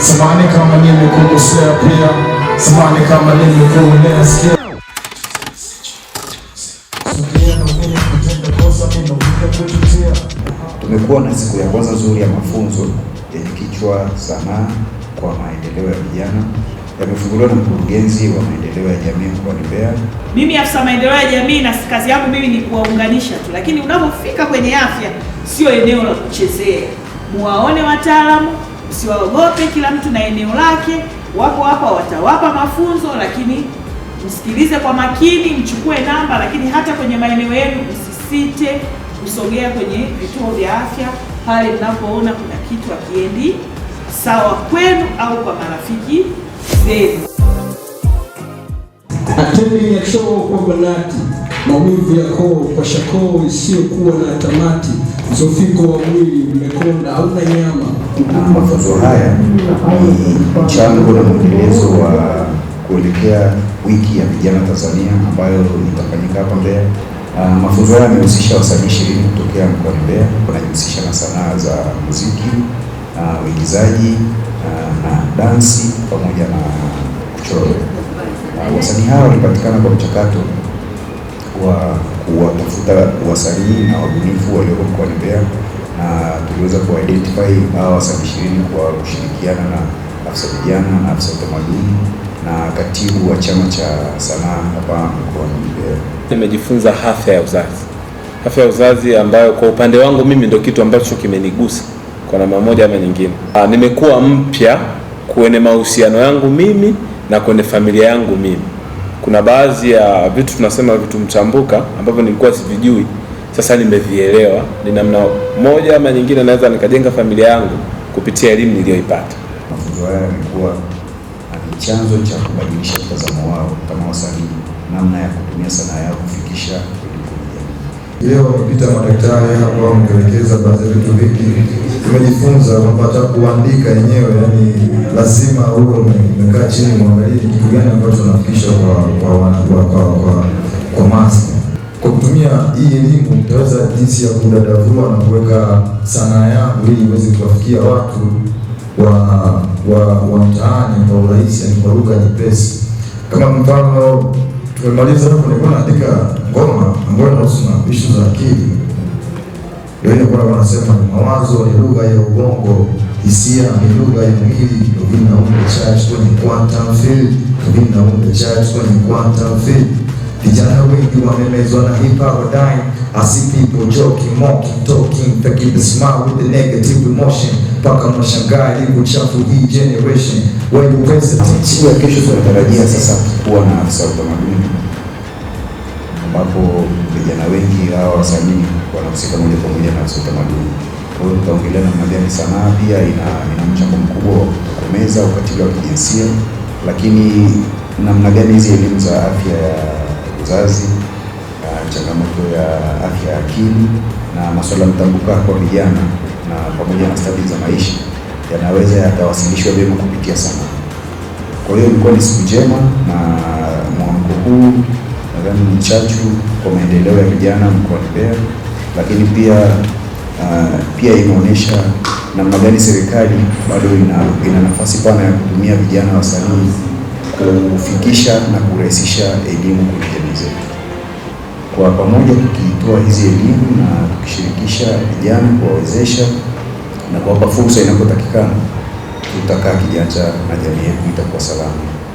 Samahani kama nimekukosea, pia samahani kama nimekuonea. Tumekuwa na siku ya kwanza nzuri ya mafunzo yenye kichwa sanaa kwa maendeleo ya vijana, yamefunguliwa na mkurugenzi wa maendeleo ya jamii mkoani Mbeya. Mimi afisa maendeleo ya jamii na kazi yangu mimi ni kuwaunganisha tu, lakini unapofika kwenye afya sio eneo la kuchezea. Muwaone wataalamu usiwaogope kila mtu na eneo lake. Wako hapa watawapa mafunzo, lakini msikilize kwa makini, mchukue namba. Lakini hata kwenye maeneo yenu msisite kusogea kwenye vituo vya afya pale mnapoona kuna kitu hakiendi sawa kwenu au kwa marafiki zenu. Atemi ya choo kwa banati, maumivu ya koo, kwashakoo isiyokuwa na tamati, zofiko wa mwili umekonda, hauna nyama na mafunzo haya ni mchango na mwendelezo wa kuelekea wiki ya vijana Tanzania ambayo itafanyika hapa Mbeya. Uh, mafunzo haya yamehusisha wasanii ishirini kutokea mkoani Mbeya, wanajihusisha na sanaa za muziki, uigizaji uh, uh, na dansi pamoja na kuchora. Uh, wasanii hawa walipatikana kwa mchakato wa kuwatafuta wasanii na wabunifu walioko mkoani Mbeya na tuliweza kuidentify hawa wasanii ishirini kwa kushirikiana na afisa vijana na afisa utamaduni na katibu wa chama cha sanaa hapa mkoani Mbeya. Nimejifunza afya ya uzazi, afya ya uzazi ambayo kwa upande wangu mimi ndio kitu ambacho kimenigusa kwa namna moja ama nyingine. Ah, nimekuwa mpya kwenye mahusiano yangu mimi na kwenye familia yangu mimi. Kuna baadhi ya vitu tunasema vitu mtambuka ambavyo nilikuwa sivijui sasa nimevielewa, ni namna moja ama nyingine naweza nikajenga familia yangu kupitia elimu niliyoipata. Mafunzo haya yamekuwa ni chanzo cha kubadilisha mtazamo wao kama wasanii, namna ya kutumia sanaa yao kufikisha Leo wamepita madaktari hapa, wameelekeza baadhi ya vitu vingi. Tumejifunza kwamba hata kuandika yenyewe, yani lazima huko umekaa chini, mwangalie kitu gani ambacho tunafikisha kwa kwa kwa kwa masi kwa kutumia hii elimu nitaweza jinsi ya kudadavua na kuweka sanaa yangu ili iweze kuwafikia watu wa wa, wa mtaani kwa urahisi, yani kwa lugha nyepesi. Kama mfano tumemaliza hapo, nilikuwa naandika ngoma ambayo inahusu na ishu za akili, ndio ilikuwa wanasema ni mawazo, ni lugha ya ubongo, hisia ni lugha ya mwili, ndio vinaunda charge kwenye quantum field, ndio vinaunda charge kwenye quantum field Vijana wengi wamemezwa na hip hop dying. I see people joking, mocking, talking, the smile with the negative emotion. Paka mashangaa ilivyo chafu hii generation. Wewe uweze tichi ya kesho tunatarajia sasa kuwa na afisa utamaduni ambapo vijana wengi hawa wasanii wanahusika moja kwa moja na afisa utamaduni. Kwa hiyo tutaongelea namna gani sanaa pia ina, ina mchango mkubwa wa kutokomeza ukatili wa kijinsia, lakini namna gani hizi elimu za afya ya uzazi, changamoto ya afya ya akili na masuala mtambuka kwa vijana na pamoja na stadi za maisha yanaweza yakawasilishwa vyema kupitia sanaa. Kwa hiyo ilikuwa ni siku njema, na mwamko huu nadhani ni chachu kwa maendeleo ya vijana mkoani Mbeya, lakini pia uh, pia imeonyesha namna gani serikali bado ina, ina nafasi pana ya kutumia vijana wasanii kufikisha na kurahisisha elimu kwenye jamii zetu. Kwa pamoja tukitoa hizi elimu na tukishirikisha vijana, kuwawezesha na kuwapa fursa inapotakikana, tutakaa kijanja na jamii yetu itakuwa salama.